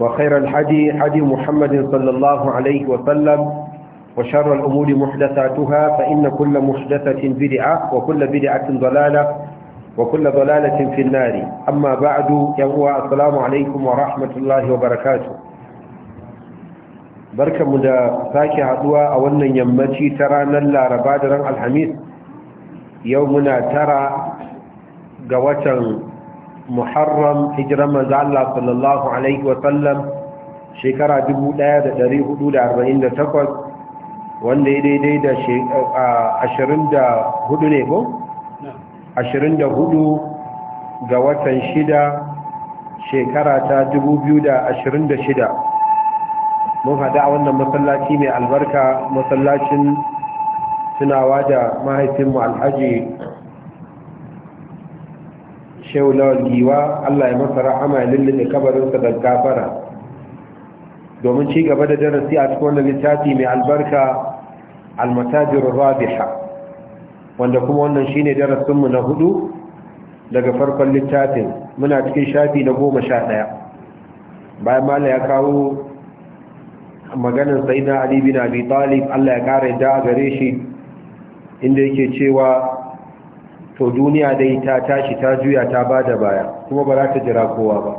وخير الحدي حدي محمد صلى الله عليه وسلم وشر الأمور محدثاتها فإن كل محدثة بدعة وكل بدعة ضلالة وكل ضلالة في النار أما بعد يهو السلام عليكم ورحمة الله وبركاته بركة مدى ساكي هدوى أولا يمتي ترى نلا ربادرا الحميد يومنا ترى قوة muharram hijiran manzo sallallahu alaihi wa shekara 1448 wanda ya daidai da 24 ne ko 24 ga watan shida shekara ta 2026 mun hada a wannan masallaci mai albarka masallacin tunawa da mahaifinmu alhaji shehu lawan giwa allah ya masa rahama ya lullube kabarinsa da gafara domin ci gaba da darasi a cikin wannan littafi mai albarka almatajirun rabiha wanda kuma wannan shine darasinmu na hudu daga farkon littafin muna cikin shafi na goma sha ɗaya bayan mala ya kawo maganin sai na alibina bin allah ya kara yadda a gare shi inda yake cewa to duniya dai ta tashi ta juya ta ba da baya kuma ba za ta jira kowa ba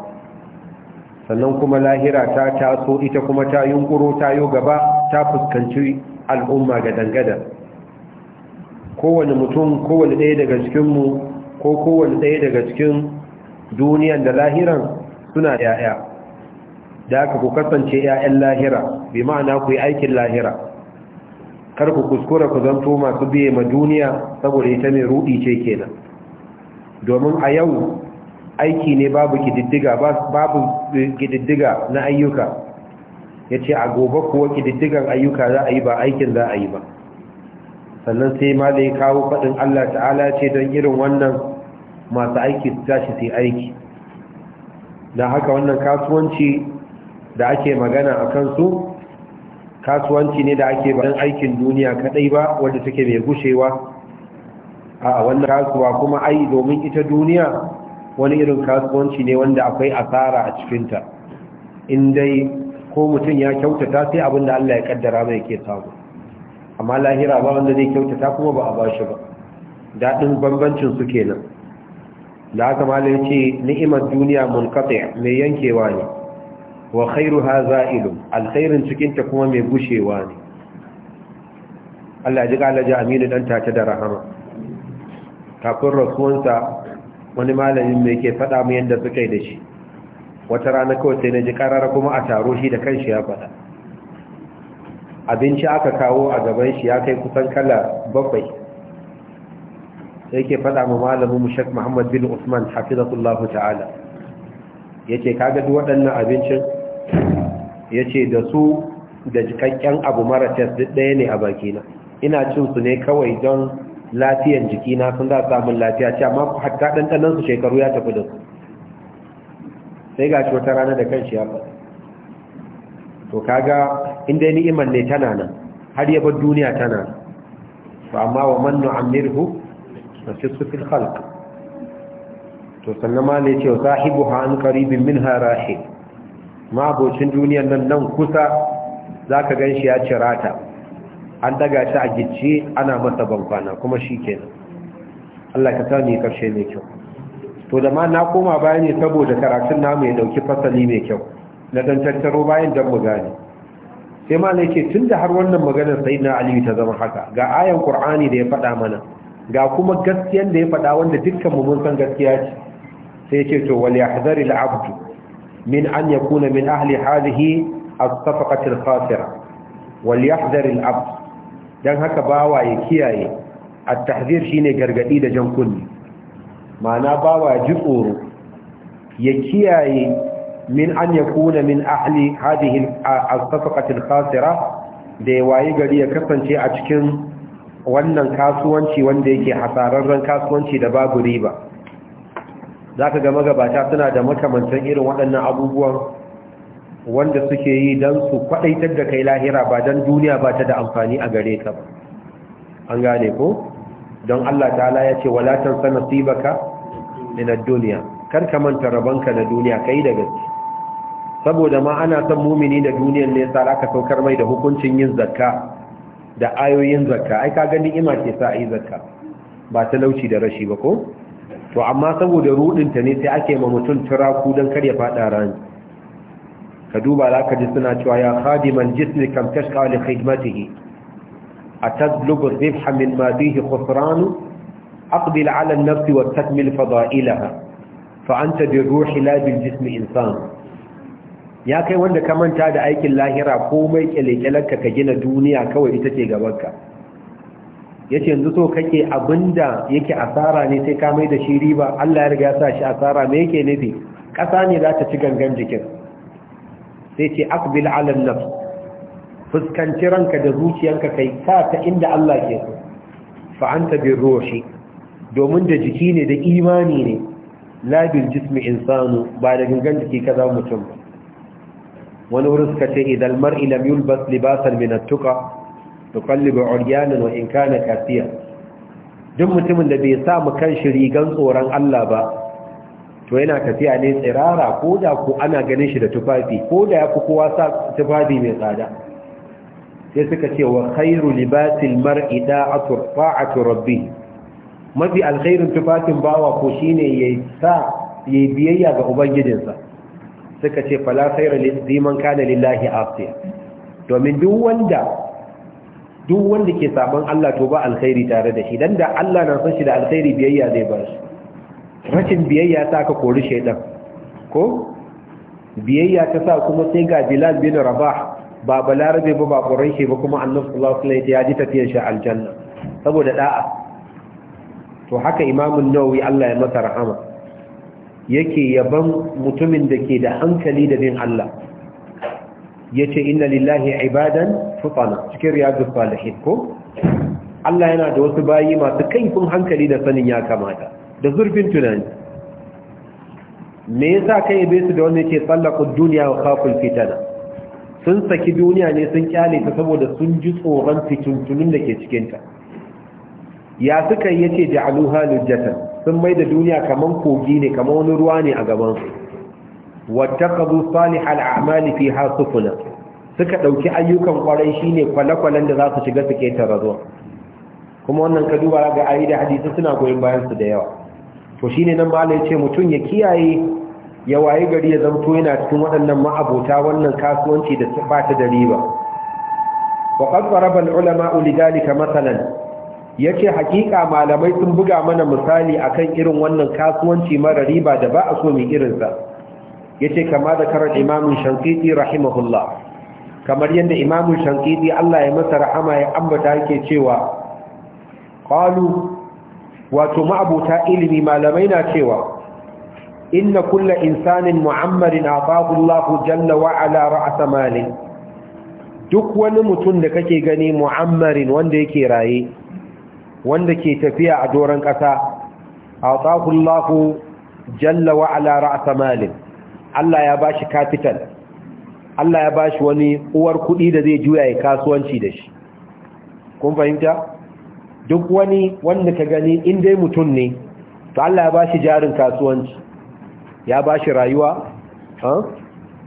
sannan kuma lahira ta taso ita kuma ta yunkuro ta yo gaba ta fuskanci al'umma ga dangada kowane mutum kowane ɗaya daga cikinmu ko kowane ɗaya daga cikin duniyan da lahiran suna ya'ya da aka ku kasance 'ya'yan lahira bi ma'ana ku yi aikin lahira kar ku kuskura ku zanto masu biye ma duniya saboda ita mai rudi ce kenan domin a yau aiki ne babu kididdiga babu kididdiga na ayyuka ya ce a gobe kuwa kididdigan ayyuka za a yi ba aikin za a yi ba sannan sai ma ya kawo faɗin Allah ta'ala ce don irin wannan masu aiki su tashi sai aiki da haka wannan kasuwanci da ake magana a kansu kasuwanci ne da ake ba don aikin duniya kadai ba wanda take mai gushewa a wannan kasuwa kuma ai domin ita duniya wani irin kasuwanci ne wanda akwai asara a cikinta in dai ko mutum ya kyautata sai abin da Allah ya kaddara mai ke samu amma lahira ba wanda zai kyautata kuma ba a ba shi ba daɗin bambancin su kenan da aka malai ce ni'imar duniya munqati mai yankewa ne wa haza za'ilun alkhairin cikin ta kuma mai gushewa ne Allah ji kala Aminu dan tata da rahama kafin rasuwansa wani malamin mai ke faɗa mu yadda suka yi da shi wata rana kawai sai na ji karara kuma a taro shi da kanshi ya faɗa abinci aka kawo a gaban shi ya kai kusan kala bakwai sai ke faɗa mu malamin mushak Muhammad bin Usman hafizatullahu ta'ala yake kaga duk waɗannan abincin ya ce da su da jikakken abu mara test duk ɗaya ne a bakina ina cin su ne kawai don lafiyan jikina sun za samun lafiya ce amma hatta ɗanɗanan su shekaru ya tafi da su sai ga shi wata rana da kan shi ya faɗi to kaga inda ni'imar ne tana nan har yabar duniya tana nan ba amma wa man nu'ammirhu su fil khalq to sannan ma ne ce sahibuha an qaribin minha rahil mabocin duniyar nan nan kusa za ka gan shi ya cirata an daga shi a gicce ana masa bankwana kuma shi kenan Allah ka sami karshe mai kyau to da ma na koma bayan ne saboda karatun namu ya dauki fasali mai kyau na don tattaro bayan don mu gane sai ma yake ce da har wannan maganar sai na Aliyu ta zama haka ga ayan Qur'ani da ya faɗa mana ga kuma gaskiyan da ya faɗa wanda dukkan mu mun san gaskiya ce sai ya ce to wal yahzaril abdu من أن يكون من أهل هذه الصفقة الخاسرة وليحذر الأب دان هكا باوا يكياي التحذير شيني غرغدي دا جن كني معنى باوا جفور يكياي من أن يكون من أهل هذه الصفقة الخاسرة da ya waye gari ya kasance a cikin wannan kasuwanci wanda yake hasararren kasuwanci da babu riba za ka ga magabata suna da makamantan irin waɗannan abubuwan wanda suke yi don su kwaɗaitar da kai lahira ba don duniya ba ta da amfani a gare ka ba an gane ko don Allah ta'ala ya ce walatan sana sibaka na duniya kar ka manta rabonka na duniya kai da gaske saboda ma ana son mumini da duniyan ne sa aka saukar mai da hukuncin yin zakka da ayoyin zakka ai ka gani ima ke sa yi zakka ba talauci da rashi ba ko to amma saboda rudinta ne sai ake ma mutum turaku don kar ya fada rani ka duba za ka ji suna cewa ya khadiman jismi kam tashqa li khidmatihi atadlubu ribha min ma fihi khusran aqbil ala an-nafs wa takmil fada'ilaha fa anta bi ruhi la bil jismi insan ya kai wanda ka manta da aikin lahira komai kyalekyalarka ka gina duniya kawai ita ce gabanka yace yanzu so kake abinda yake asara ne sai ka mai da shi riba Allah ya riga ya sa shi asara me yake nufi ƙasa ne za ta ci gangan jikin sai ce aqbil ala nafs fuskanci ranka da zuciyanka kai sa ta inda Allah ke so fa anta bi ruhi domin da jiki ne da imani ne la bil jismi insanu ba da gangan jiki ka kaza mutum wani wurin suka ce idan mar'i lam yulbas libasan min at-tuqa tuqallibu uryanan wa in kana kafiya duk mutumin da bai sa mu kan shi rigan tsoron Allah ba to yana tafiya ne tsirara ko da ku ana ganin shi da tufafi ko da ya fi kowa sa tufafi mai tsada sai suka ce wa khairu libasil mar'i da'atu ta'atu rabbi mafi alkhairin tufafin bawa ko shine yayi sa yayi biyayya ga ubangijinsa suka ce fala khairu liman kana lillahi asiya domin duk wanda duk wanda ke saban Allah to ba alkhairi tare da shi dan da Allah na san shi da alkhairi biyayya zai ba shi rashin biyayya ta ka kori shaidan ko biyayya ta sa kuma sai ga Bilal bin Rabah ba balarabe ba ba quraishi ba kuma Annabi sallallahu alaihi wasallam ya ji tafiyar shi aljanna saboda da'a to haka Imam an-Nawawi Allah ya masa rahama yake yaban mutumin da ke da hankali da bin Allah yace inna lillahi ibadan fatana cikin riyadus salihin ko Allah yana da wasu bayi masu kaifin hankali da sanin ya kamata da zurfin tunani me yasa kai bai su da wanda yake tsallaku duniya wa khaful fitana sun saki duniya ne sun kyale ta saboda sun ji tsoron fituntunin da ke cikin ta ya suka yace ja'aluha lujjatan sun mai da duniya kaman kogi ne kaman wani ruwa ne a gaban su wattaqadu salihal a'mali fiha sufuna suka dauki ayyukan kwarai shine kwale da zasu su shiga suke tarazo kuma wannan ka duba ga ayi da hadisi suna goyon bayan su da yawa to shine nan ba ya ce mutum ya kiyaye ya waye gari ya zanto yana cikin waɗannan ma'abota wannan kasuwanci da ba ta da riba wa qad daraba al-ulama lidalika masalan yace hakika malamai sun buga mana misali akan irin wannan kasuwanci mara riba da ba a so mu irin sa yace kama da karar imamun shankiti rahimahullah kamar yadda imamun shankiti Allah ya masa rahama ya ambata yake cewa qalu wato ma'abuta ilimi malamai na cewa inna kulla insanin mu'ammarin atahu jalla wa ala ra'sa mali duk wani mutum da kake gani mu'ammarin wanda yake raye wanda ke tafiya a doron kasa atahu Allah jalla wa ala ra'sa mali Allah ya bashi capital Allah ya bashi wani uwar kuɗi da zai juya ya kasuwanci da shi kun fahimta duk wani wanda ka gani in dai mutum ne to Allah ya bashi jarin kasuwanci ya bashi rayuwa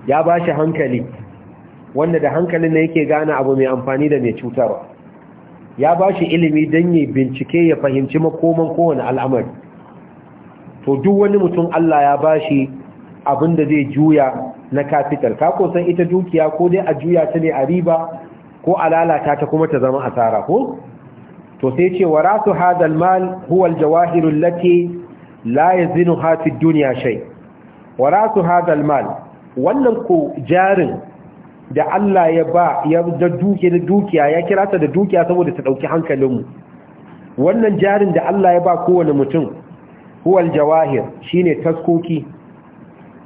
ya bashi hankali wanda da hankalin ne yake gane abu mai amfani da mai cutarwa ya bashi ilimi don yi bincike ya fahimci makoman kowane al'amari to duk wani mutum Allah ya bashi abin da zai juya na capital ka san ita dukiya ko dai a juya ta ne a riba ko a lalata ta kuma ta zama asara ko to sai ce wa rasu hadal mal huwa aljawahir allati la ha fi dunya shay wa rasu hadal mal wannan ko jarin da Allah ya ba ya da duke da dukiya ya kira ta da dukiya saboda ta dauki hankalinmu wannan jarin da Allah ya ba kowane mutum huwa aljawahir shine taskoki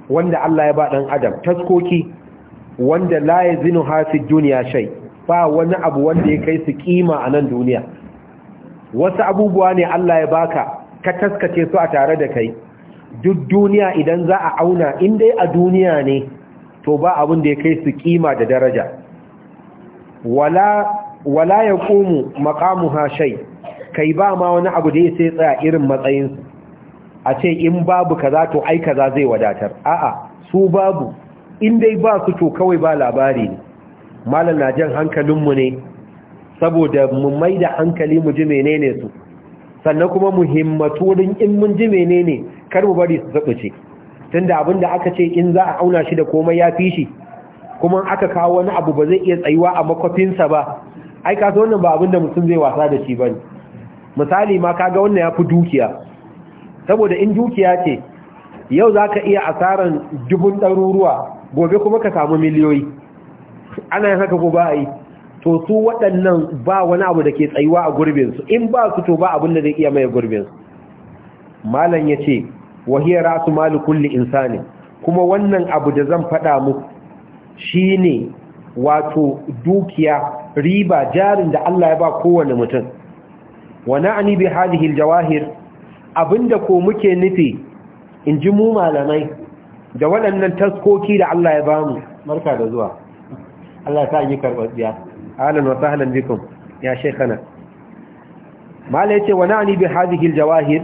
wanda Allah ya ba ɗan adam taskoki wanda la zinu hafi duniya shai ba wani abu wanda ya kai su kima a nan duniya wasu abubuwa ne Allah ya baka ka taskace su a tare da kai duk duniya idan za a auna in a duniya ne to ba abin da ya kai su kima da daraja wala wala makamu ha shai kai ba ma wani abu da ya sai tsaya irin matsayinsu a ce in babu kaza to ai kaza zai wadatar a'a su babu in dai ba su to kawai ba labari ne malam na jan hankalinmu ne saboda mu mai da hankali mu ji menene su sannan kuma muhimmatu din in mun ji menene kar mu bari su zabuce tunda abinda aka ce in za a auna shi da komai ya fi shi kuma aka kawo wani abu ba zai iya tsayuwa a makwafinsa ba ai ka wannan ba abinda mutum zai wasa da shi bane misali ma kaga wannan ya fi dukiya saboda in dukiya ce yau za ka iya asaran dubun ɗaruruwa gobe kuma ka samu miliyoyi ana yin haka ko ba a yi to su waɗannan ba wani abu da ke tsayuwa a gurbinsu in ba su to ba abin da zai iya mai gurbinsu malam ya ce wahiyar rasu malu kulli insani kuma wannan abu da zan faɗa mu shi ne wato dukiya riba jarin da Allah ya ba kowane mutum wa na'ani bi jawahir abinda ko muke nufi in ji mu malamai da waɗannan taskoki da Allah ya bamu marka da zuwa Allah ta yi karɓaɓɓiya alan wa halin bikin ya shekana mala ce wa na'ani bi hadhihi jawahir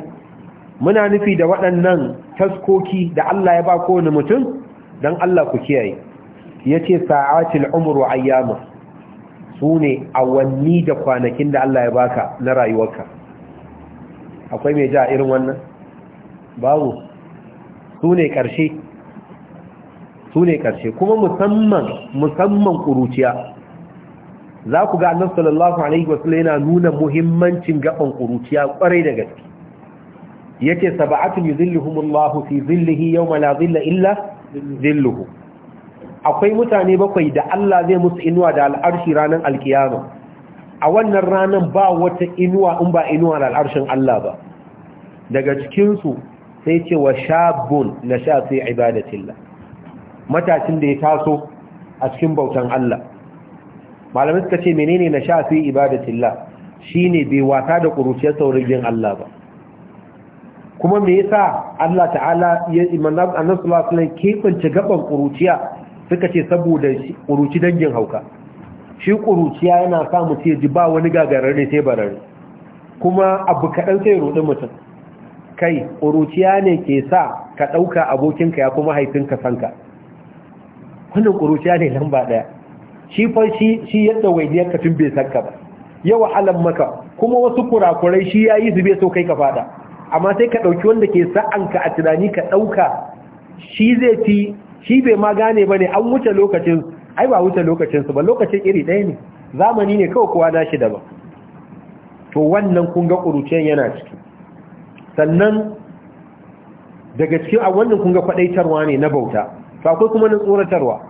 muna nufi da waɗannan taskoki da Allah ya ba kowane mutum Don Allah ku kiyaye Sa'atul sa'atil wa ayyama su ne awanni da kwanakin da Allah ya baka na rayuwarka akwai mai ja irin wannan babu su ne ƙarshe su ne ƙarshe kuma musamman musamman ƙuruciya za ku ga annabi sallallahu alaihi wasallam yana nuna muhimmancin gaban ƙuruciya ƙwarai da gaske yace sab'atun yuzilluhumullahu fi zillihi yawma la zilla illa zilluhu akwai mutane bakwai da Allah zai musu inuwa da al'arshi ranar alkiyama a wannan ranar ba wata inuwa in ba inuwa na al'arshin Allah ba daga cikinsu sai ce wa shabun na sha sai ibadatillah matashin da ya taso a cikin bautan Allah malamai suka ce menene na sha sai shi shine bai wata da kuruciyar saurigin Allah ba kuma me yasa Allah ta'ala ya imanar annabi sallallahu alaihi wasallam ci gaban kuruciya suka ce saboda ƙuruci dangin hauka shi ƙuruciya yana sa mu ya ji ba wani ne sai barare kuma abu kaɗan sai ruɗin mutum kai ƙuruciya ne ke sa ka ɗauka abokinka ya kuma haifinka sanka wannan ƙuruciya ne lamba ɗaya shi fa shi yadda waidiyar ka bai sanka ba ya wahalan maka kuma wasu kurakurai shi ya yi su bai so kai ka fada amma sai ka ɗauki wanda ke sa'anka a tunani ka ɗauka shi zai fi shi bai ma gane ba ne an wuce lokacin ai ba wuce lokacinsu ba lokacin iri ɗaya ne zamani ne kawai kowa nashi daban to wannan kun ga ƙuruciyar yana ciki sannan daga cikin a wannan kun ga kwaɗaitarwa ne na bauta to akwai kuma na tsoratarwa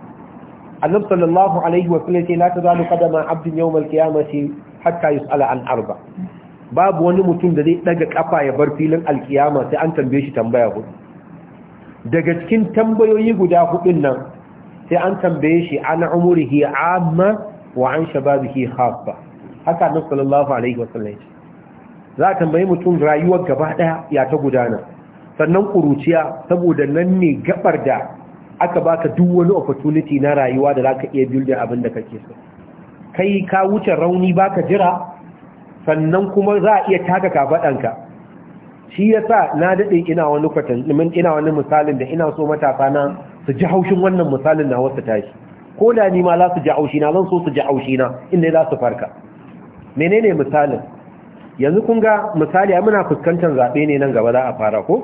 annab sallallahu alaihi wa sallam ce la tazalu qadama abdin yawm al-qiyamati hatta yus'ala an arba babu wani mutum da zai daga kafa ya bar filin alkiyama sai an tambaye shi tambaya hudu daga cikin tambayoyi guda hudun nan sai an tambaye shi an hi amma wa an hi khassa haka annabi sallallahu alaihi wasallam za a tambayi mutum rayuwar gaba daya ya ta gudana sannan kuruciya saboda nan ne gabar da aka baka duk wani opportunity na rayuwa da zaka iya building abin da kake so kai ka wuce rauni baka jira sannan kuma za a iya taka kafadanka shi yasa na dade ina wani kwatan ina wani misalin da ina so matafa na su ji haushin wannan misalin na wasu tashi ko da ni ma za su ji haushina zan so su ji haushina inda za su farka menene misalin yanzu kun ga misali muna fuskantar zaɓe ne nan gaba za a fara ko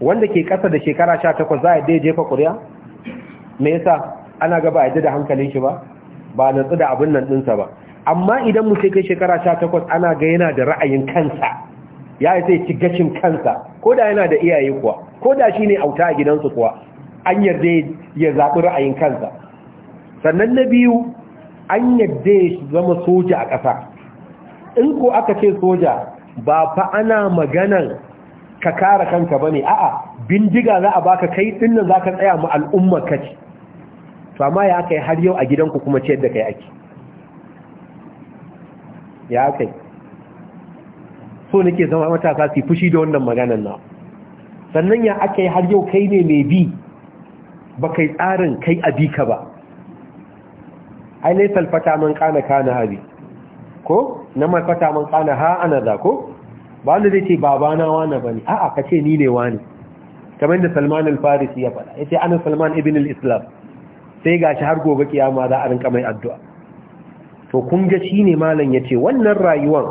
wanda ke ƙasa da shekara sha takwas za a jefa ƙuri'a me yasa ana ga ba a da hankalin shi ba ba na da abin nan ɗinsa ba amma idan mu kai shekara sha takwas ana ga yana da ra'ayin kansa ya yi sai cigacin kansa ko da yana da iyaye kuwa ko da shi ne auta a gidansu kuwa an yarda ya zaɓi ra'ayin kansa sannan na biyu an yarda ya zama soja a ƙasa in ko aka ce soja ba fa ana maganan ka kare kanka ba ne a'a bindiga za a baka kai dinnan za ka tsaya ma al'ummar ka to amma ya kai har yau a gidanku kuma ce yadda kai ake ya kai so nake zama matasa su fushi da wannan maganan na sannan ya aka har yau kai ne mai bi ba kai tsarin kai abika ba ai laisal fata man kana kana habi ko na man fata man kana ha ana za ko ba wanda zai ce babana wane ba ne a'a ka ce ni ne wane kamar da salman al-farisi ya faɗa ya ce ana salman ibn al-islam sai ga shi har gobe kiyama za a rinka mai addu'a to kun ga shi ne malam ya ce wannan rayuwar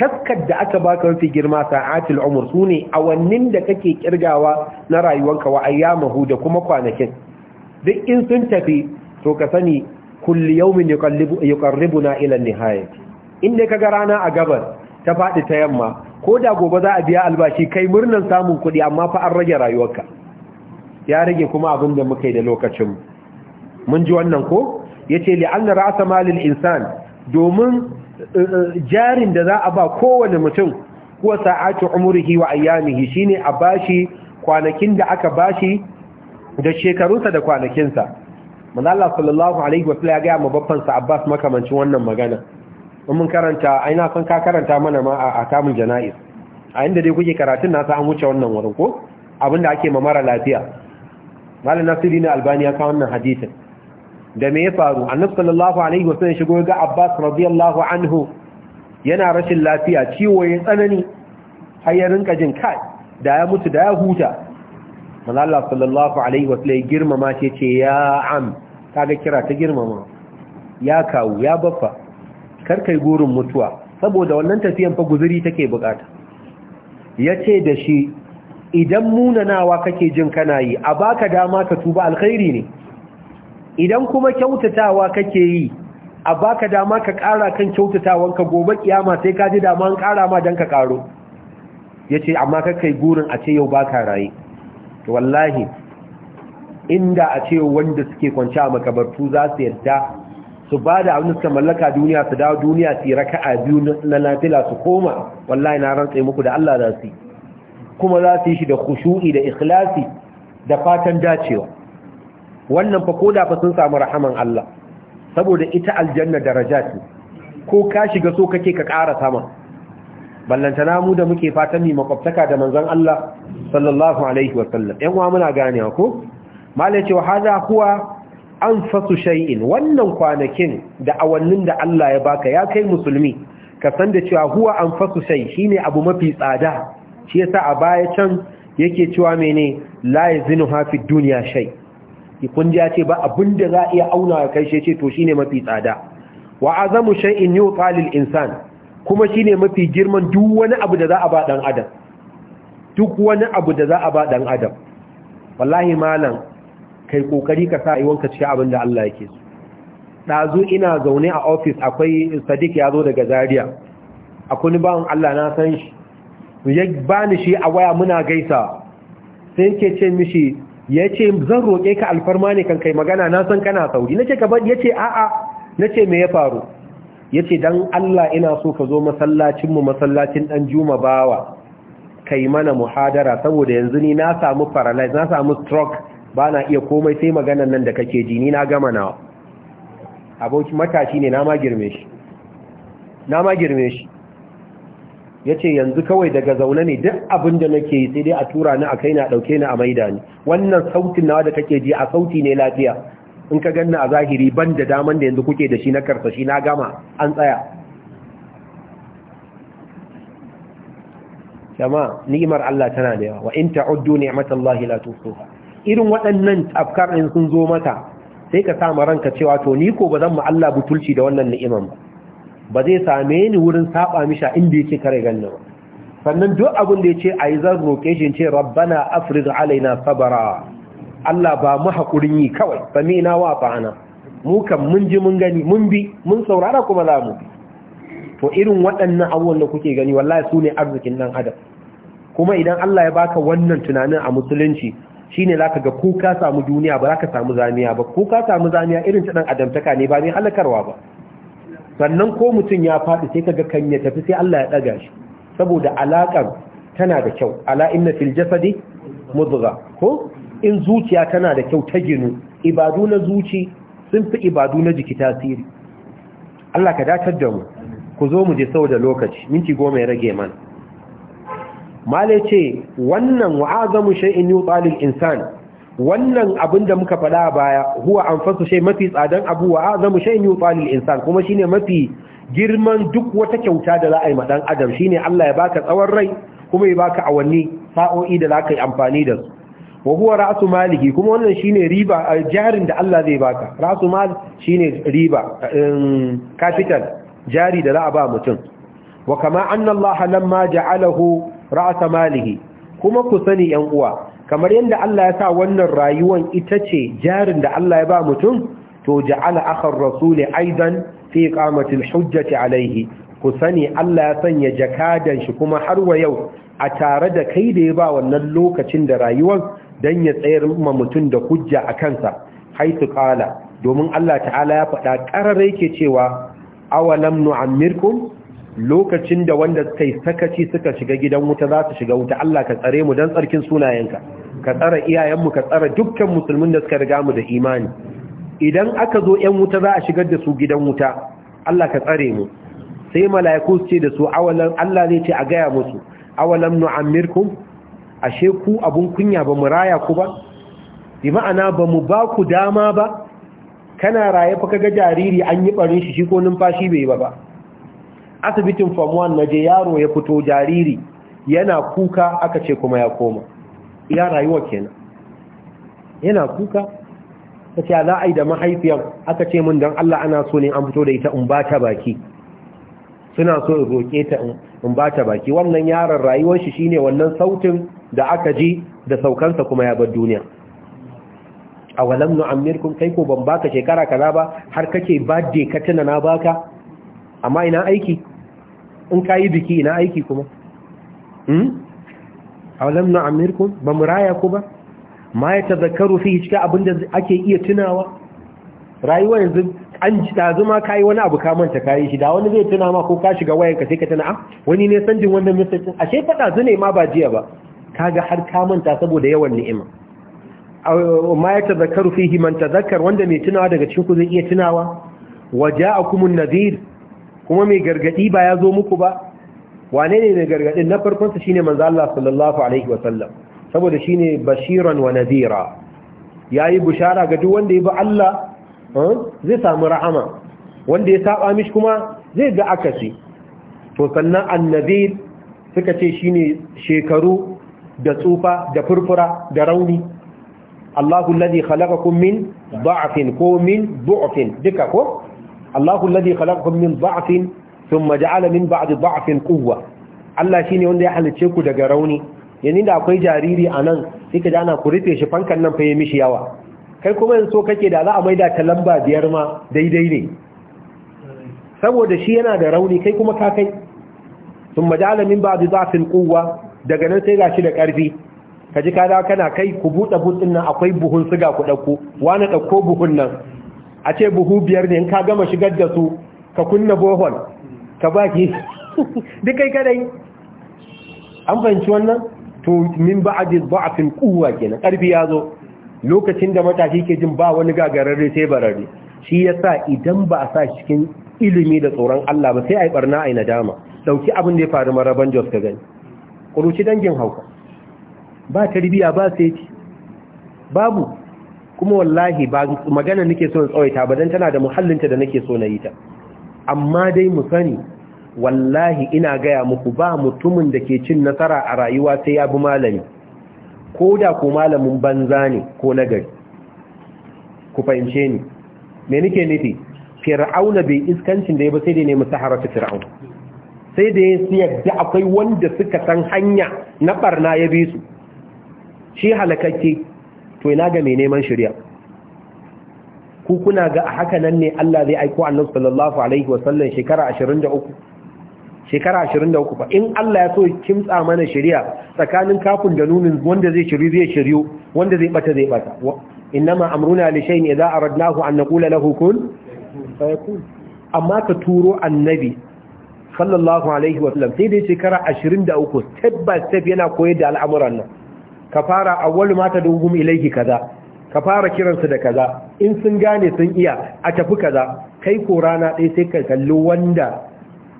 taskar da aka baka mafi girma sa'atul umur su ne awannin da kake kirgawa na rayuwanka wa ayyamahu da kuma kwanakin duk in sun tafi to ka sani kulli yawmin yuqarribuna ila nihayah in ne kaga rana a gabar ta fadi ta yamma ko da gobe za a biya albashi kai murnan samun kuɗi amma fa an rage rayuwarka ya rage kuma abin da muka yi da lokacin mun ji wannan ko yace li anna ra'sa malil insan domin eh, eh, jarin da za a ba kowane mutum kuwa sa'atu umrihi wa ayyamihi shine a bashi kwanakin da aka bashi da shekarunsa da kwanakinsa Allah sallallahu alaihi wa sallam ya gaya sa abbas makamancin wannan magana in mun karanta ai na san ka karanta mana ma a kamun jana'iz a inda dai kuke karatun na sa an wuce wannan wurin ko abinda ake ma mara lafiya malam nasiri ne albani ya kawo wannan hadisin da me ya faru annabi sallallahu alaihi wa sallam shigo ga abbas radiyallahu anhu yana rashin lafiya ciwo ya tsanani har ya rinka jin kai da ya mutu da ya huta manzo Allah sallallahu alaihi wa sallam girmama ce ce ya am kaga kira ta girmama ya kawu ya baffa kar kai gurin mutuwa saboda wannan tafiyan fa guzuri take bukata yace da shi idan munanawa kake jin kana yi a baka dama ka tuba alkhairi ne idan kuma kyautatawa kake yi a baka dama ka kara kan kyautatawan ka gobe kiyama sai ka ji dama an kara ma dan ka karo yace amma kai gurin a ce yau baka raye wallahi inda a ce wanda suke kwanci a makabartu za su yadda su ba da abin suka mallaka duniya su dawo duniya su yi raka'a biyu na nafila su koma wallahi na rantse muku da Allah za su yi kuma za su yi shi da kushu'i, da ikhlasi da fatan dacewa wannan fa koda fa sun samu rahaman Allah saboda ita aljanna daraja ce ko ka shiga so kake ka ƙara sama ballantana mu da muke fatan ni makwabtaka da manzon Allah sallallahu alaihi wa sallam uwa muna ganewa ko malai cewa hada huwa anfasu shay'in wannan kwanakin da awannin da Allah ya baka ya kai musulmi ka san da cewa huwa anfasu shay shine abu mafi tsada shi yasa a baya can yake cewa mene la yazinu hafi dunya shay kun ce ba abin da za iya auna kai shi ce to shine mafi tsada wa azamu shay'in yuta lil insan kuma shine mafi girman duk wani abu da za a ba dan adam duk wani abu da za a ba dan adam wallahi malam kai kokari ka sa aiwanka cikin abin da Allah yake so dazu ina zaune a ofis akwai Sadiq ya zo daga Zariya. akwai in Allah na san shi ya bani shi a waya muna gaisa sai ke ce mishi Ya ce zan roƙe ka alfarma ne kan kai magana na san kana sauri ce ka a'a nace me ya faru Ya ce don Allah ina so ka zo masallacinmu masallacin ɗan Juma bawa kai mana muhadara saboda yanzu ni na samu paralyze na samu stroke ba na iya komai sai maganan nan da kake ji ni na gama nawa aboki matashi ne na ma girme shi na ma girme shi ya ce yanzu kawai daga zaune ne duk abin da nake yi sai dai a tura ni a kai na ɗauke ni a maida ni wannan sautin nawa da kake ji a sauti ne lafiya in ka ganna a zahiri ban da daman da yanzu kuke da shi na karsashi na gama an tsaya dama ni'imar Allah tana da yawa wa in ta'uddu ni'matallahi la tuhsuha irin waɗannan afkar din sun zo mata sai ka sa ranka cewa to ni ko bazan mu Allah butulci da wannan ni'iman ba ba zai same ni wurin saba misha inda yake kare ganna ba sannan duk abin da yace ayi zan roke shi ce rabbana afrigh alaina sabara Allah ba mu hakurin yi kawai na wa fa'ana mu kan mun ji mun gani mun bi mun saurara kuma za mu to irin waɗannan abubuwan da kuke gani wallahi su ne arzikin ɗan adam kuma idan Allah ya baka wannan tunanin a musulunci shine zaka ga ko ka samu duniya ba zaka samu zamiya ba ko ka samu zamiya irin ta dan adamtaka ne ba mai halakarwa ba sannan ko mutum ya faɗi sai kaga kan ya tafi sai Allah ya ɗaga shi saboda alaƙar tana da kyau ala inna fil jasadi mudgha ko in zuciya tana da kyau ta ginu ibadu na zuci sun fi ibadu na jiki tasiri Allah ka datar da mu ku zo mu je saboda lokaci minti goma ya rage mana mala ce wannan wa'azamu shay'in yutalil insan wannan abin da muka faɗa baya huwa anfasu shay mafi tsadan abu wa'azamu shay'in yutalil insan kuma shine mafi girman duk wata kyauta da za a yi ma dan adam shine Allah ya baka tsawon rai kuma ya baka awanni sa'o'i da za ka yi amfani da su wa huwa ra'su maliki kuma wannan shine riba jarin da Allah zai baka ra'su mal shine riba um, capital jari da za a ba mutum wa kama anna Allah lamma ja'alahu ra'asa malihi kuma ku sani yan uwa kamar yadda Allah ya sa wannan rayuwar ita ce jarin da Allah ya ba mutum to ja'ala akhar rasuli aidan fi iqamati hujjati alaihi ku sani Allah ya sanya jakadan shi kuma har wa yau a tare da kai da ya ba wannan lokacin da rayuwar dan ya tsayar ma mutum da hujja a kansa haitu qala domin Allah ta'ala ya faɗa ƙararra yake cewa awalam nu'ammirkum lokacin da wanda sai sakaci suka shiga gidan wuta za su shiga wuta Allah ka tsare mu don tsarkin sunayenka ka tsara iyayenmu ka tsara dukkan musulmin da suka riga mu da imani idan aka zo ‘yan wuta za a shigar da su gidan wuta Allah ka tsare mu sai mala'iku ce da su awalan Allah zai ce a gaya musu awalan nu'ammirkum ashe ku abun kunya ba mu raya ku ba bi ma'ana ba mu ba ku dama ba kana raye fa kaga jariri an yi barin shi shi ko numfashi bai ba ba asibitin form na je yaro ya fito jariri yana kuka aka ce kuma ya koma Ya rayuwa kenan yana kuka ta ce za a yi da mahaifiyar aka ce min dan Allah ana so ne an fito da ita in ba ta baki suna so in roƙe ta in ba baki wannan yaron rayuwar shi shine wannan sautin da aka ji da saukansa kuma ya bar duniya a walam nu'ammirkum kai ko ban baka shekara kaza ba har kake birthday ka tuna na baka amma ina aiki in ka yi biki ina aiki kuma hmm? a wajen na amirku ba mu raya ku ba ma ya ta zakaru fi cika abinda ake iya tunawa rayuwa yanzu an ji zuma ka yi wani abu kamanta kayi shi da wani zai tuna ma ko ka shiga wayan ka sai ka tuna ah, wani ne sanjin wanda misalcin ashe faɗa zu ne ma ba jiya ba Ka ga har kamanta saboda yawan ni'ima ma ya zakaru fi himanta zakar wanda mai tunawa daga cikin ku zai iya tunawa waja'akumun nadhir kuma mai gargadi ba ya zo muku ba wane ne mai gargadin na farkonsa shine manzo Allah sallallahu alaihi wasallam saboda shine bashiran wa nadira yayi bushara ga duk wanda ya bi Allah eh, zai samu rahama wanda ya saba mishi kuma zai ga akasi to sannan annabi suka ce shine shekaru da tsufa da furfura da rauni Allahu alladhi khalaqakum min da'fin ko min du'fin duka ko Allahu alladhi khalaqakum min dha'fin thumma ja'ala min ba'di dha'fin quwwa Allah shine wanda ya halice ku daga rauni yanzu da akwai jariri anan sai ka ji ana ku rufe shi fankan nan fa ya mishi yawa kai kuma yanzu kake da za a maida ta lamba biyar ma daidai ne saboda shi yana da rauni kai kuma ka kai thumma ja'ala min ba'di dha'fin quwwa daga nan sai gashi da karfi kaji ka da kana kai ku buɗe buɗin nan akwai buhun siga ku ɗauko wani ɗauko buhun nan a ce buhu biyar ne in ka gama shigar da su ka kunna bohol ka baki duk kai kadai an fahimci wannan to min ba a fin dha'fin quwwa kenan karfi zo lokacin da matashi ke jin ba wani gagararre sai bararre shi ya sa idan ba a sa cikin ilimi da tsoron Allah ba sai yi barna a yi nadama Ɗauki abin da ya faru maraban Jos ka gani kuruci dangin hauka ba tarbiyya ba sai babu kuma wallahi ba magana nake so in tsawaita ba dan tana da muhallinta da nake so na yi ta amma dai mu sani wallahi ina gaya muku ba mutumin da ke cin nasara a rayuwa sai ya bi malami ko da ko malamin banza ne ko nagari ku fahimce ni me nake nufi fir'auna bai iskancin da ya ba sai da nemi sahara ta fir'auna sai da ya yadda akwai wanda suka san hanya na barna ya bi su shi halakakke to ina ga mai neman shirya ku kuna ga haka nan ne Allah zai aiko annabi sallallahu alaihi wasallam shekara 23 shekara 23 fa in Allah ya so kimtsa mana shirya tsakanin kafin da nunin wanda zai shiri zai shiryo wanda zai bata zai bata innama amruna li shay'in idza aradnahu an naqula lahu kun fayakun amma ka turo annabi sallallahu alaihi wasallam sai dai shekara 23 step by step yana koyar da al'amuran nan ka fara awwalu mata duhum ilayhi kaza ka fara kiransu da kaza in sun gane sun iya a tafi kaza kai ko rana ɗaya sai ka kalli wanda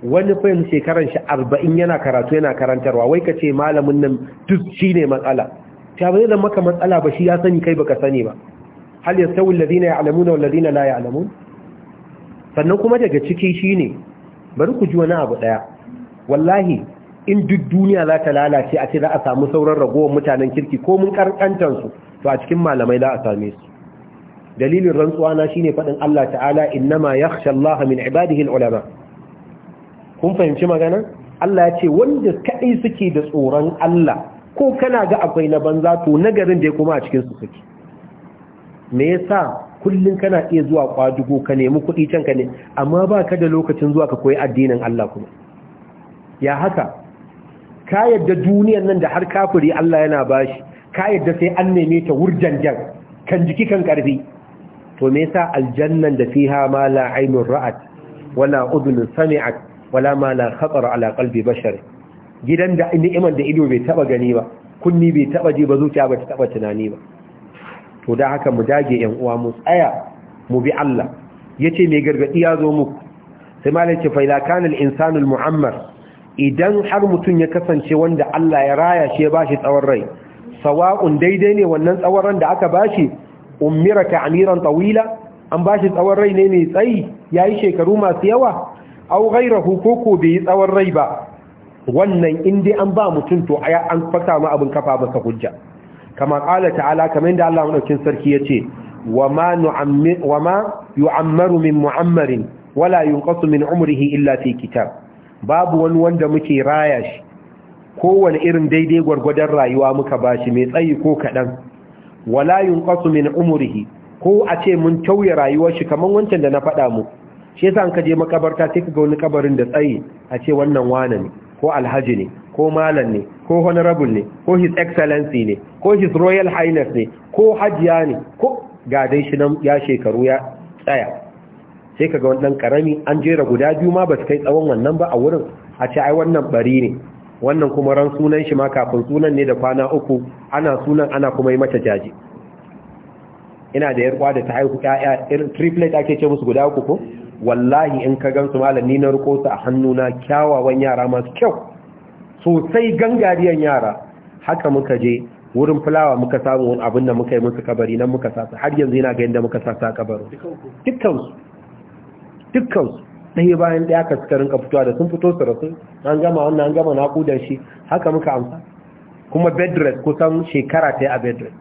wani fahim shekaran shi 40 yana karatu yana karantarwa wai ka ce malamin nan duk shine matsala ta ba zai maka matsala ba shi ya sani kai baka sani ba hal ya sauyi ladina ya alamu la ya sannan kuma daga ciki shi bari ku ji wani abu ɗaya wallahi in duk duniya za ta lalace a ce za a samu sauran ragowar mutanen kirki ko mun karkantansu to a cikin malamai za a same su dalilin rantsuwa na shine faɗin Allah ta'ala innama yakhsha Allah min ibadihi ulama kun fahimci magana Allah ya ce wanda kaɗai suke da tsoron Allah ko kana ga akwai na banza to nagarin da kuma a cikin su suke me yasa kullun kana iya zuwa kwadugo ka nemi kuɗi can ka ne amma baka da lokacin zuwa ka koyi addinin Allah kuma ya haka ka yadda duniyan nan da har kafiri Allah yana bashi ka yadda sai an neme ta wurjanjan kan jiki kan karfi to me yasa aljannan da fiha ma la aynun ra'at wala udhun sami'at wala ma la khatara ala qalbi bashar gidan da ni'iman da ido bai taba gani ba kunni bai taba ji ba zuciya ba ta taba tunani ba to da haka mu dage yan uwa mu tsaya mu bi Allah yace mai gargadi ya zo muku sai malai ce fa ila kana al-insanu al-mu'ammar idan har mutum ya kasance wanda Allah ya raya shi ya bashi tsawon rai sawa'un daidai ne wannan tsawon ran da aka bashi ummira amiran tawila an bashi tsawon rai ne mai tsayi Ya yi shekaru masu yawa aw ghayrahu koko bai yi tsawon rai ba wannan in dai an ba mutum to aya an fasa ma abin kafa masa hujja kama qala ta'ala kamar inda Allah madaukin sarki ya wama wa ma yu'ammaru min mu'ammarin wala yunqasu min umrihi illa fi kitab babu wani wanda muke raya shi kowane irin daidai gwargwadon rayuwa muka ba shi mai tsayi ko kaɗan wala yunqasu min umrihi ko a ce mun tauye rayuwar shi kamar wancan da na faɗa mu shi yasa an ka je makabarta sai ka ga wani kabarin da tsayi a ce wannan wane ne ko alhaji ne ko malam ne ko honorable ne ko his excellency ne ko his royal highness ne ko hajiya ne ko ga dai shi nan ya shekaru ya tsaya sai kaga wannan karami an jera guda biyu ma ba su kai tsawon wannan ba a wurin a ce ai wannan bari ne wannan kuma ran sunan shi ma kafin sunan ne da kwana uku ana sunan ana kuma yi mata jaji ina da yarkwa da ta haihu ƴaƴa irin triplet ake ce musu guda uku ko wallahi in ka gansu malam ni na riko su a hannuna kyawawan yara masu kyau sosai gangariyan yara haka muka je wurin fulawa muka samu abin da muka yi musu kabari nan muka sa har yanzu yana ga yadda muka sa sa kabarin dukkan dukkansu ɗaya bayan ɗaya ka suka rinka fitowa da sun fito su rasu an gama wannan an gama naƙudan shi haka muka amsa kuma bedrest kusan shekara ta yi a bedrest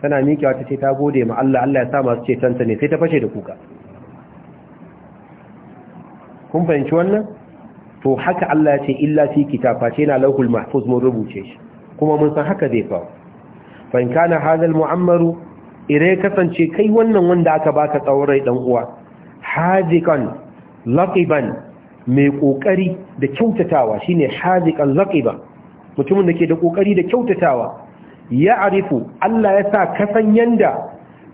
tana miƙewa ta ce ta gode ma Allah Allah ya sa masu cetanta ne sai ta fashe da kuka kun fahimci wannan to haka Allah ya ce illa fi kita face na laukul mahfuz mun rubuce shi kuma mun san haka zai faru fa in kana hadal mu'ammaru ire kasance kai wannan wanda aka baka tsawon rai dan uwa hazikan laqiban mai ƙoƙari da kyautatawa shine hazikan laqiban mutumin da ke da ƙoƙari da kyautatawa ya arifu Allah ya sa kasan yanda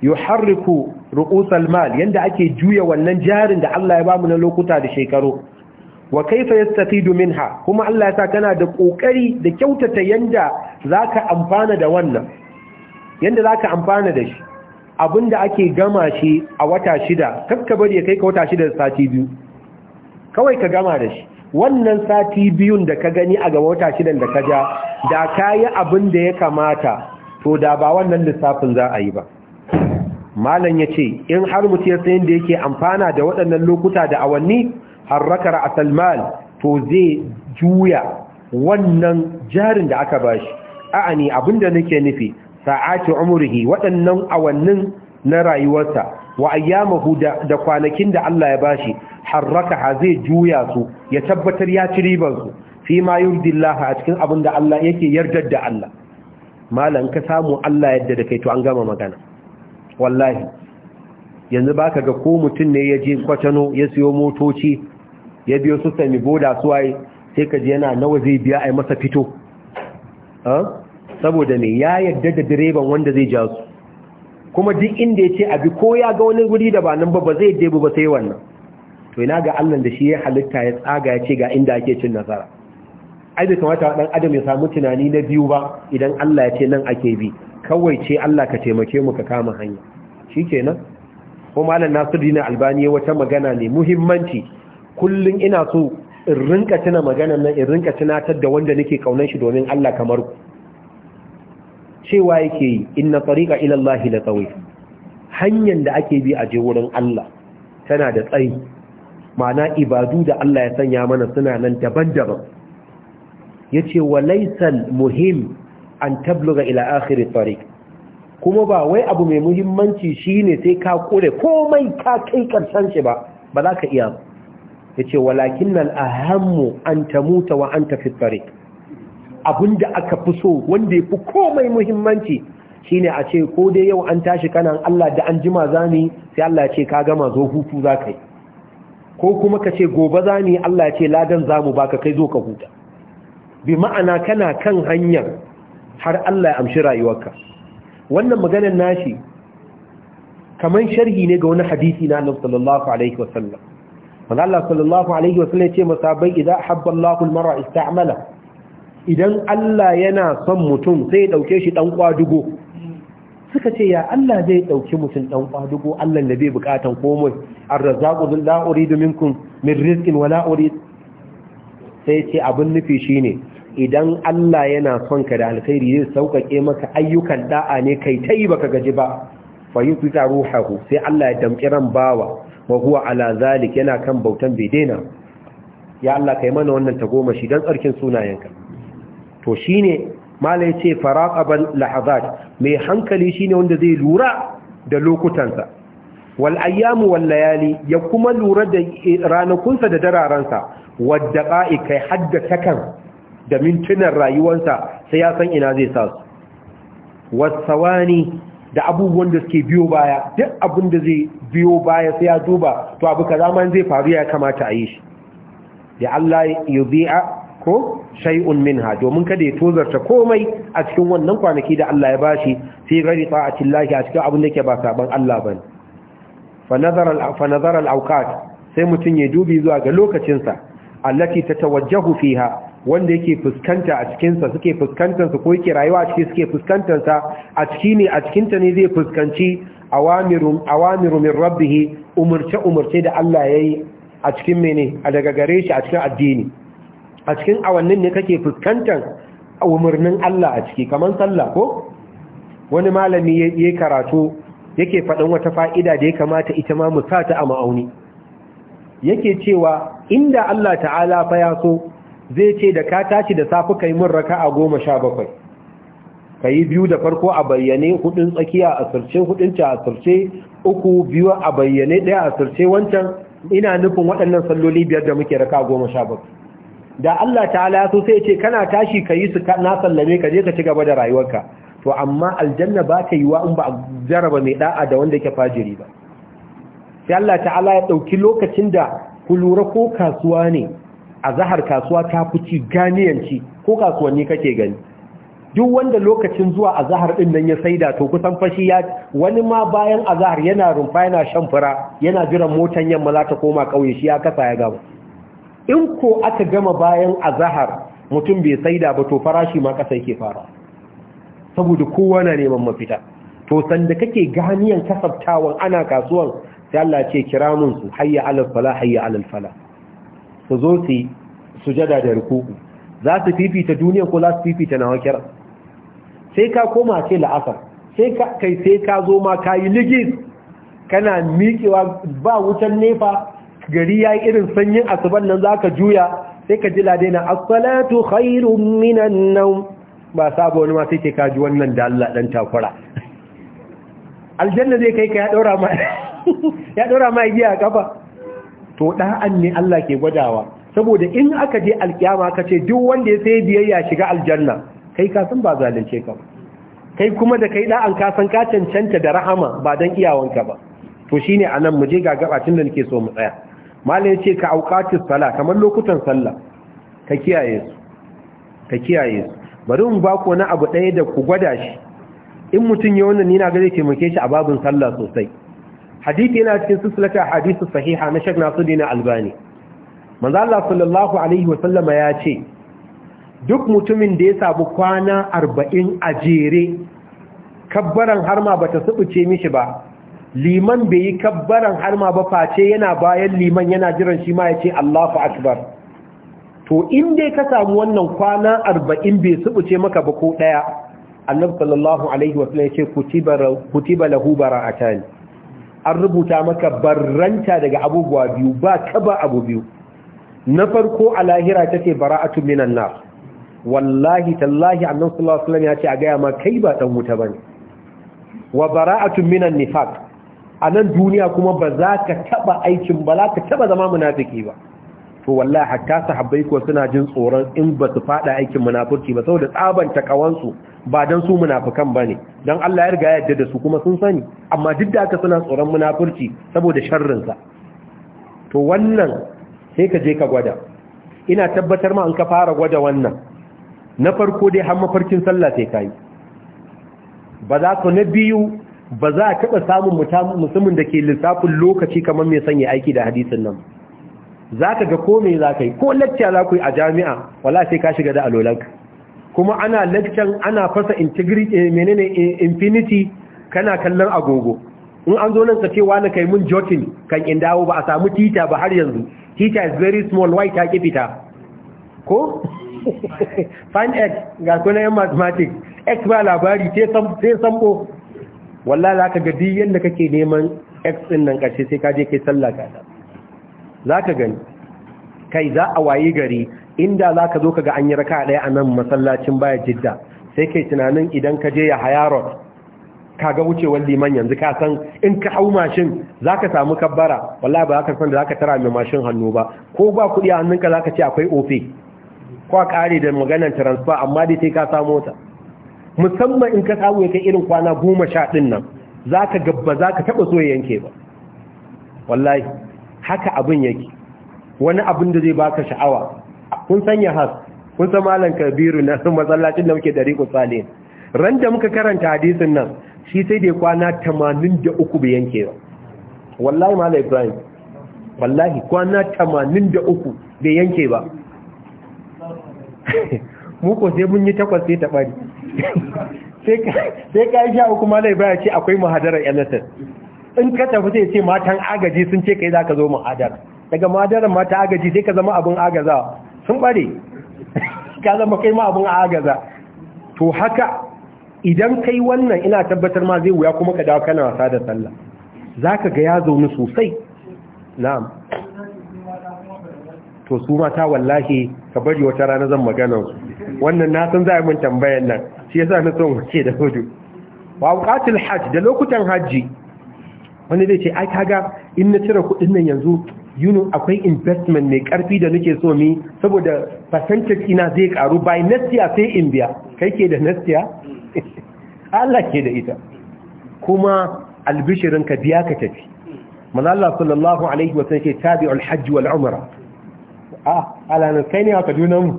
yuharriku ru'usal mal yanda ake juya wannan jarin da Allah ya bamu na lokuta da shekaru wa kaifa yastafidu minha kuma Allah ya sa kana da ƙoƙari da kyautata yanda zaka amfana da wannan yanda zaka amfana da shi da ake gama shi a wata shida kakka bari ya kai ka wata shida sati biyu kawai ka gama da shi wannan sati biyun da ka gani a gaba wata shidan da ka ja da ka yi abin da ya kamata to da ba wannan lissafin za a yi ba malam ya ce in har mutu ya sayin da yake amfana da waɗannan lokuta da awanni harrakar asalmal to zai juya wannan jarin da aka bashi a'ani abin da nake nufi sa'ati umrihi waɗannan awannin na rayuwarsa wa ayyamahu da kwanakin da Allah ya bashi ha zai juya su ya tabbatar ya ci riban su fi ma yurdillah a cikin abin da Allah yake yardar da Allah malan ka samu Allah yadda da kai to an gama magana wallahi yanzu baka ga ko mutum ne ya je kwatano ya siyo motoci ya biyo su sami boda suwaye sai ka ji yana nawa zai biya a masa fito saboda ne ya yadda da direban wanda zai ja su kuma duk inda ya ce abi ko ya ga wani wuri da ba nan ba ba zai debu ba sai wannan to ina ga Allah da shi ya halitta ya tsaga ya ce ga inda ake cin nasara ai bai kamata dan adam ya samu tunani na biyu ba idan Allah ya ce nan ake bi kawai ce Allah ka taimake mu ka kama hanya shikenan ko malam Nasiruddin Albani ya wata magana ne muhimmanci kullun ina so in rinka tuna maganar nan in rinka tunatar da wanda nake kaunar shi domin Allah kamar ku cewa yake yi inna tariqa ila Allah la tawif hanyar da ake bi a je wurin Allah tana da tsayi ma'ana ibadu da Allah ya sanya mana suna nan daban-daban yace wa laysal muhim an tabluga ila akhir tariq kuma ba wai abu mai muhimmanci shine sai ka kore komai ka kai karshen shi ba ba za ka iya ba yace walakinnal ahammu an tamuta wa anta fi tariq abin da aka fi so wanda ya fi komai muhimmanci shine a ce ko dai yau an tashi kanan Allah da an jima zani sai Allah ce ka gama zo hutu za ka yi ko kuma ka ce gobe zani Allah ya ce ladan zamu baka kai zo ka huta bi ma'ana kana kan hanyar har Allah ya amshi rayuwarka wannan maganar nashi kaman sharhi ne ga wani hadisi na Annabi sallallahu alaihi wasallam Allah sallallahu alaihi wasallam ya ce masabai idza habba Allahu mara ista'mala idan Allah yana son mutum sai ya dauke shi dan ƙwadugo, suka ce ya Allah zai dauki mutum dan ƙwadugo? Allah da bai bukatan komai ar-razzaqu la uridu minkum min rizqin wala urid sai ce abin nufi shine idan Allah yana son ka da alkhairi zai saukake maka ayyukan da'a ne kai ba ka gaji ba fa yutsa ruhahu sai Allah ya damki ran bawa wa huwa ala zalik yana kan bautan bai daina ya Allah kai mana wannan ta shi dan tsarkin sunayenka to shine malai ce faraqaban lahazat mai hankali shine wanda zai lura da lokutansa wal'ayyamu wallayali ya kuma lura da ranakunsa da dararansa wadda qa'i kai hadda takan da mintunan rayuwarsa sai ya san ina zai sa su wasawani da abubuwan da suke biyo baya duk abin da zai biyo baya sai ya duba to abu ka ma zai faru ya kamata a yi shi da Allah yudhi'a ko shay'un minha domin kada ya tozarta komai a cikin wannan kwanaki da Allah ya bashi fi gari ta'atillahi a cikin abin da yake ba saban Allah bane fa nazara fa nazara al-awqat sai mutun ya dubi zuwa ga lokacin sa allati tatawajjahu fiha wanda yake fuskanta a cikin sa suke fuskantar su ko yake rayuwa a cikin suke fuskantar sa a ciki ne a cikin ta ne zai fuskanci awamiru awamiru min rabbih umurce umurce da Allah yayi a cikin mene a daga gare shi a cikin addini a cikin awannin ne kake fuskantar umarnin Allah a ciki kamar sallah ko wani malami ya karatu yake faɗin wata fa'ida da ya kamata ita ma mu sa ta a ma'auni yake cewa inda Allah ta'ala fa ya so zai ce da ka tashi da safi kai mun a goma sha bakwai ka yi biyu da farko a bayyane hudun tsakiya a sarce hudun ca a sarce uku biyu a bayyane ɗaya a sarce wancan ina nufin waɗannan salloli biyar da muke raka a goma sha bakwai da Allah ta'ala ya so sai ce kana tashi ka yi su na sallame ka je ka ci gaba da rayuwarka to amma aljanna ba ta yi wa in ba a jaraba mai da'a da wanda ke fajiri ba sai Allah ta'ala ya ɗauki lokacin da ku lura ko kasuwa ne a zahar kasuwa ta fuci ganiyanci ko kasuwanni kake gani duk wanda lokacin zuwa a zahar ɗin nan ya saida to kusan fashi ya wani ma bayan a zahar yana rumfa yana shan fura yana jiran motan yamma za ta koma ƙauye shi ya kasa ya gaba in ko aka gama bayan azahar mutum bai saida ba to farashi ma kasa yake fara saboda kowa na neman mafita to sanda kake ganiyan kasabtawan ana kasuwan sai Allah ce kira mun su hayya alal fala hayya alal fala su zo su sujada da rukuku za su fifita duniya ko za su fifita na wakira sai ka koma ce la'asar sai kai sai ka zo ma kayi ligis kana miƙewa ba wutan nefa gari ya yi irin sanyin asuban nan za ka juya sai ka ji daina, asalatu khairun minan nan. ba sabo wani ma sai ke kaji wannan da Allah dan takura aljanna zai kai ka ya ɗora ma ya a ƙafa kafa to da'an ne Allah ke gwadawa saboda in aka je alkiyama ka ce duk wanda ya sai biyayya shiga aljanna kai ka san ba zalunce ka kai kuma da kai da'an ka san ka cancanta da rahama ba don iyawanka ba to shine anan mu je ga gabacin da nake so mu tsaya mala ya ce ka aukatis sala kamar lokutan sallah ka kiyaye su ka kiyaye su bari mu ba ku wani abu ɗaya da ku gwada shi in mutum ya wannan nina ga zai taimake shi a babin sallah sosai hadisi yana cikin a hadisi sahiha na nasu dina Albani manzo Allah sallallahu alaihi wa sallama ya ce duk mutumin da ya sabu kwana arba'in a jere kabbaran har ma bata subuce mishi ba liman bai yi kabbaran harma ba face yana bayan liman yana jiran shi ma ya ce Allahu akbar to in dai ka samu wannan kwana arba'in bai suɓuce maka ba ko ɗaya annabi sallallahu alaihi wasu ya ce kutiba lahu Tani. an rubuta maka barranta daga abubuwa biyu ba kaba abu biyu na farko a lahira ta ce bara a minan na. wallahi tallahi annabi sallallahu alaihi wasallam ya ce a gaya ma kai ba ɗan wuta ne. wa bara bara'atun minan nifaq a nan duniya kuma ba za ka taba aikin ba za ka taba zama munafiki ba to wallahi hatta sahabbai ko suna jin tsoron in ba su fada aikin munafiki ba saboda tsaban takawansu ba dan su munafikan bane dan Allah ya riga ya yarda da su kuma sun sani amma duk da haka suna tsoron munafurci saboda sharrin sa to wannan sai ka je ka gwada ina tabbatar ma an ka fara gwada wannan na farko dai har mafarkin sallah sai kai ba za ka na biyu ba za a taɓa samun musamman da ke lissafin lokaci kamar mai sanya aiki da hadisin nan za ka ga kome za ka yi ko lacca za ku yi a jami'a wala sai ka shiga da alolak kuma ana laccan ana fasa eh, menene eh, infinity kana kallon agogo in an zo nan tsakewa na kai mun jokin kan in dawo ba a samu tita ba har yanzu tita is very small white ta ƙi fita ko find x ga kuna yan mathematics x ba labari sai sambo Walla za ka duk yadda kake neman x din nan kace sai ka je kai sallah ka Za ka gani kai za a wayi gari inda za ka zo ga an yi raka daya a nan masallacin baya jidda sai kai tunanin idan ka je ya hayarot kaga wucewar liman yanzu ka san in ka hau mashin za ka samu kabbara Walla ba za ka san da ka tara mai mashin hannu ba ko ba kuɗi a hannunka za ka ce akwai ofe ko a kare da maganar transfer amma dai sai ka samu mota musamman in ka samu ya kai irin kwana goma sha ɗin nan za ka gabba za ka taɓa so ya yanke ba wallahi haka abin yake wani abin da zai baka sha'awa kun sanya has kun san malam kabiru na masallacin da muke dari tsale ran da muka karanta hadisin nan shi sai dai kwana tamanin da uku bai yanke ba wallahi malam ibrahim wallahi kwana tamanin da uku bai yanke ba mu ko sai mun yi takwas sai ta bari sai ka yi sha uku malai baya ce akwai mahadarar nss in ka tafi sai ce matan agaji sun ce kai za ka zo mahadar daga mahadarar mata agaji sai ka zama abin agaza sun bare ka zama kai ma abin agaza to haka idan kai wannan ina tabbatar ma zai wuya kuma ka dawo kana wasa da sallah za ka ga ya zaune sosai na'am to su mata wallahi ka bari wata rana zan magana su wannan na san za a min tambayan nan shi yasa na son wace da hudu wa awqatul hajj da lokutan hajji wani zai ce ai kaga in na cire kudin nan yanzu yuno akwai investment mai karfi da nake so mi saboda percentage ina zai karu by next year sai in biya kai ke da next year Allah ke da ita kuma albishirin ka biya ka tafi manzo Allah sallallahu alaihi wasallam ke tabi'ul hajj wal umra A'a alamin kai ne a kaduna mu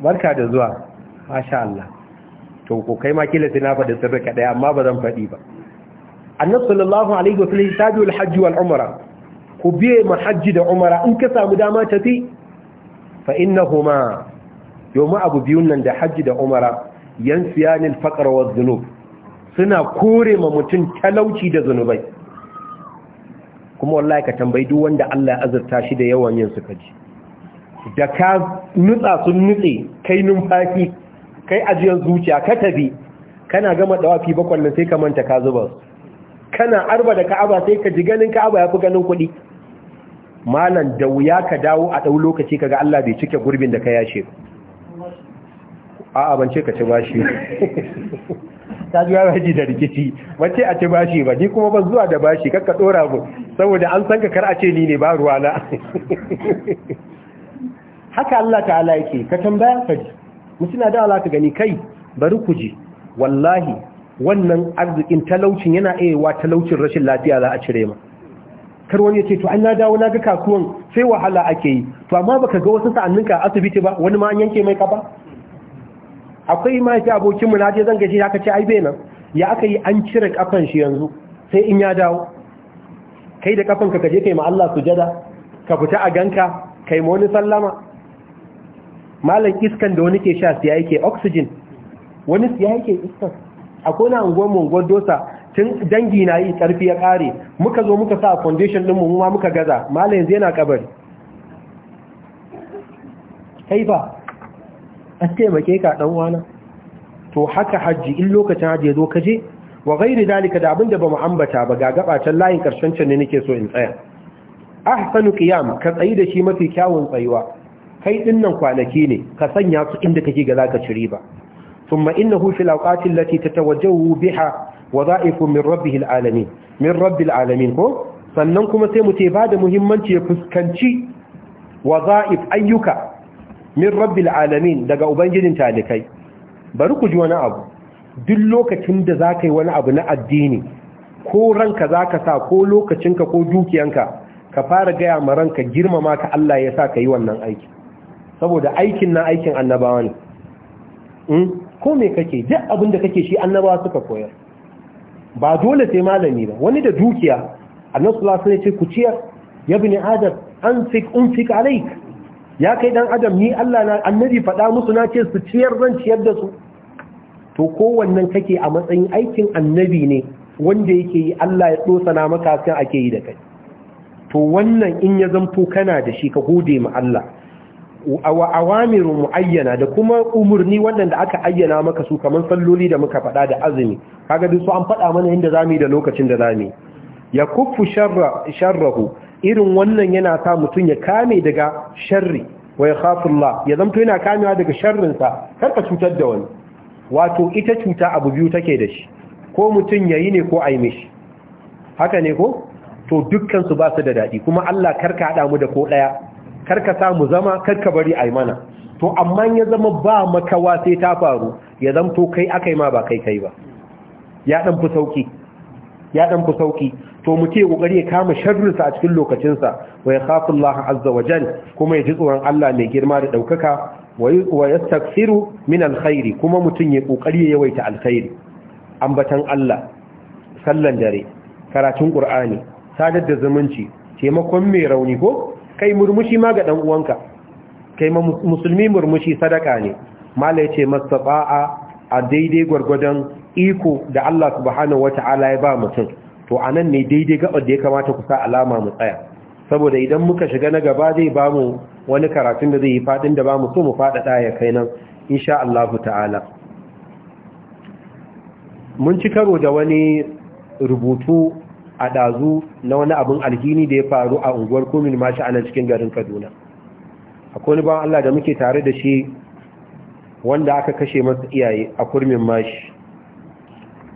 barka da zuwa masha Allah to ko kai ma kila sai na faɗi sirri kaɗai amma ba zan faɗi ba annabi sallallahu alaihi wasallam tabi'u al-hajj wal umra ku biye ma hajji da umra in ka samu dama tafi fa innahuma yawma abu biyun nan da hajji da umra yansiyani al-faqr wa dhunub suna kore ma mutum talauci da zunubai kuma wallahi ka tambayi duk wanda Allah ya azurta shi da yawan yin suka ji da ka nutsa sun nutse kai numfashi kai ajiyar zuciya ka tafi kana gama dawafi bakwai na sai ka manta ka zuba kana arba da ka'aba sai ka ji ganin ka'aba ya fi ganin kuɗi malam da wuya ka dawo a ɗau lokaci kaga Allah bai cike gurbin da ka yashe a'a ban ce ka ci bashi ta ji bashi da rikici wace a ci bashi ba ni kuma ban zuwa da bashi kakka dora mu saboda an san ka kar a ce ni ne ba ruwa na haka Allah ta'ala yake ka tambaya ka ji mutuna da Allah ka gani kai bari ku ji wallahi wannan arzikin talaucin yana iya wa talaucin rashin lafiya za a cire ma kar wani ce to an na dawo na ga kasuwan sai wahala ake yi to amma baka ga wasu sa'annin ka asibiti ba wani ma an yanke mai kafa akwai ma yace abokin mu na je zan gaji haka ce ai bai ya aka yi an cire kafan shi yanzu sai in ya dawo kai da kafanka ka je kai ma Allah sujada ka fita a ganka kai ma wani sallama malam iskan da wani ke sha siya yake oxygen wani siya yake iskan akwai kona unguwar unguwar dosa tun dangi na yi karfi ya kare muka zo muka sa foundation din mu muka gaza malar yanzu yana kabari haifa ba a taimake ka dan wana to haka hajji in lokacin hajji ya zo ka je wa gairi dalika da abinda ba mu ambata ba ga gabacin layin karshen can ne nake so in tsaya ahsanu qiyam ka tsayi da shi mafi kyawun tsayuwa kai ɗinnan kwanaki ne ka sanya su inda kake ga zaka ciri riba thumma innahu fil awqati allati tatawajjahu biha wadha'ifu min rabbih alamin min rabbil alamin ko sannan kuma sai mu ce ba da muhimmanci ya fuskanci wadha'if ayyuka min rabbil alamin daga ubangijin talikai bari ku ji wani abu duk lokacin da zaka yi wani abu na addini ko ranka zaka sa ko lokacinka ko dukiyanka ka fara gaya ma ranka girmama ka Allah ya sa ka yi wannan aiki saboda aikin na aikin annabawa ne hmm? ko me kake duk abinda kake shi annabawa suka koyar ba dole sai malami ba wani da dukiya annabi sallallahu alaihi wasallam ce ku ciyar ya bani adam alaik ya kai dan adam ni Allah na annabi faɗa musu na ce su ciyar zan ciyar da su to kowannen kake a matsayin aikin annabi ne wanda yake yi Allah ya na maka sai ake yi da kai to wannan in ya zanto kana da shi ka gode ma Allah wa awamiru muayyana da kuma umurni da aka ayyana maka su kaman salloli da muka faɗa da azumi kaga duk su an faɗa mana inda zamu yi da lokacin da zamu yi ya kuffu sharra sharrahu irin wannan yana sa mutun ya kame daga sharri wa yakhafullah ya zamto yana kamewa daga sharrin sa kar ka cutar da wani wato ita cuta abu biyu take da shi ko mutun yayi ne ko ai mishi haka ne ko to dukkan su ba su da dadi kuma Allah karka hada mu da ko daya karka mu zama karka bari ai mana to amma ya zama ba makawa sai ta faru ya zama to kai akai ma ba kai kai ba ya dan fi sauki ya to mu ce kokari ya kama sharrinsa a cikin lokacinsa wa yakhafu Allah azza wa jal kuma ya ji tsoron Allah mai girma da ɗaukaka. wa tafsiru min alkhairi kuma mutum ya kokari ya yawaita alkhairi ambatan Allah sallan dare karatun qur'ani sadar da zumunci taimakon mai rauni ko kai murmushi ma ga ɗan'uwanka. uwanka kai musulmi murmushi sadaka ne mala ce masaba'a a daidai gwargwadon iko da Allah subhanahu ta'ala ya ba mutum to a nan ne daidai gaɓar da ya kamata ku sa alama mu tsaya saboda idan muka shiga na gaba zai ba mu wani karatun da zai yi faɗin da ba mu so mu faɗaɗa ya kai nan insha Allah ta'ala mun ci karo da wani rubutu a ɗazu na wani abin alhini da ya faru a unguwar komin mashi a nan cikin garin kaduna akwai wani bawan allah da muke tare da shi wanda aka kashe masa iyaye a kurmin mashi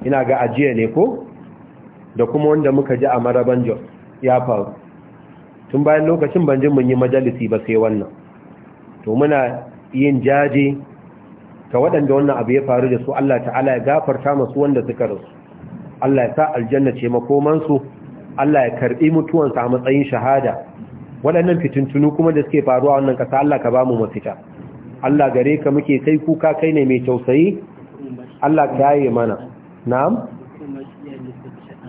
ina ga ajiya ne ko da kuma wanda muka ji a maraban jos ya faru tun bayan lokacin banjin mun yi majalisi ba sai wannan to muna yin jaje ga waɗanda wannan abu ya faru da su allah ta'ala ya gafarta masu wanda suka rasu Allah ya sa aljanna ce makomansu Allah ya karbi mutuwansa a matsayin shahada waɗannan fitintunu kuma da suke faruwa wannan ƙasa Allah ka ba mu mafita Allah gare ka muke kai kuka kai ne mai tausayi Allah ka yaye mana na'am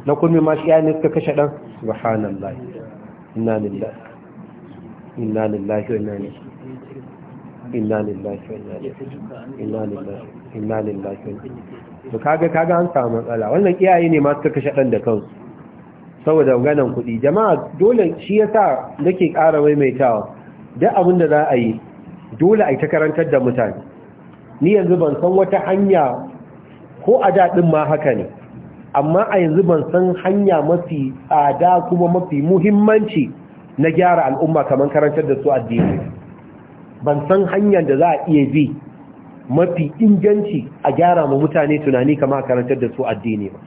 na kulmi ma shi ne suka kashe dan subhanallahi inna lillahi inna lillahi wa inna ilaihi inna lillahi wa inna ilaihi raji'un inna lillahi to kaga kaga an samu matsala wannan iyaye ne masu kashe dan da kansu saboda ganin kuɗi jama'a dole shi yasa nake ƙara maimaitawa duk abin da za a yi dole a yi ta karantar da mutane ni yanzu ban san wata hanya ko a daɗin ma haka ne amma a yanzu ban san hanya mafi tsada kuma mafi muhimmanci na gyara al'umma kamar karantar da su addini ban san hanyar da za a iya bi mafi inganci a gyara ma mutane tunani kama karantar da su addini ba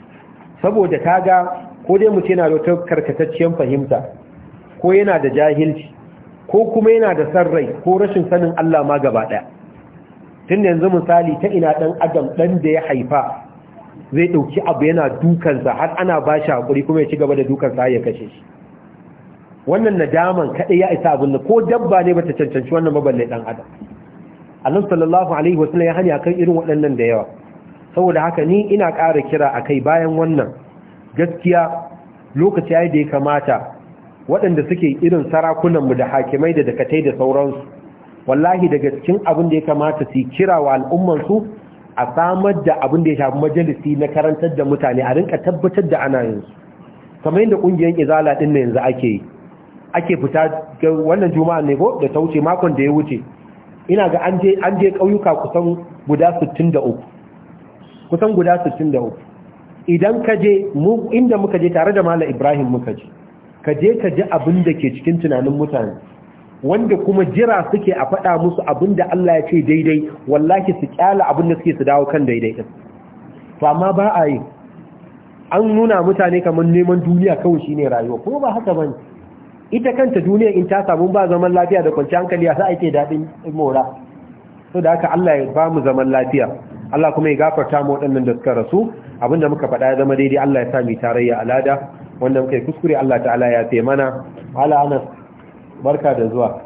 saboda kaga ko dai mutum yana da wata karkatacciyar fahimta ko yana da jahilci ko kuma yana da san rai ko rashin sanin Allah ma gaba daya tun yanzu misali ta ina dan adam ɗan da ya haifa zai ɗauki abu yana dukansa har ana ba shi hakuri kuma ya ci gaba da dukansa ya kashe shi wannan nadaman kaɗai ya isa abin ko dabba ne bata cancanci wannan maballe dan adam Allah sallallahu alaihi wasallam ya hani kan irin waɗannan da yawa saboda haka ni ina ƙara kira akai bayan wannan gaskiya lokaci yayi da ya kamata waɗanda suke irin sarakunan mu da hakimai da dakatai da sauransu wallahi daga cikin abin da ya kamata su kira wa al'ummansu a samar da abin da ya shafi majalisi na karantar da mutane a rinka tabbatar da ana yanzu kamar yadda ƙungiyar izala ɗin na yanzu ake yi ake fita wannan juma'a ne ko da ta wuce makon da ya wuce ina ga an je ƙauyuka kusan guda 63 kusan guda 63 idan ka je mu inda muka je tare da mala ibrahim muka je ka je ka ji abin da ke cikin tunanin mutane wanda kuma jira suke a faɗa musu abin da Allah ya ce daidai wallahi su kyala abin da suke su dawo kan daidai ɗin to amma ba a yi an nuna mutane kamar neman duniya kawai shine rayuwa kuma ba haka bane ita kanta duniya in ta samu ba zaman lafiya da kwanciyar hankali a sa'a ke daɗin mora so da haka Allah ya ba mu zaman lafiya Allah kuma ya gafarta mu waɗannan da suka rasu abinda muka faɗa ya zama daidai Allah ya sa mu tarayya alada wanda muka yi kuskure Allah ta'ala ya ce mana ala anas barka da zuwa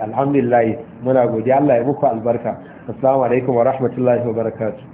alhamdulillah muna godiya Allah ya muku albarka assalamu alaikum wa rahmatullahi wa barakatuh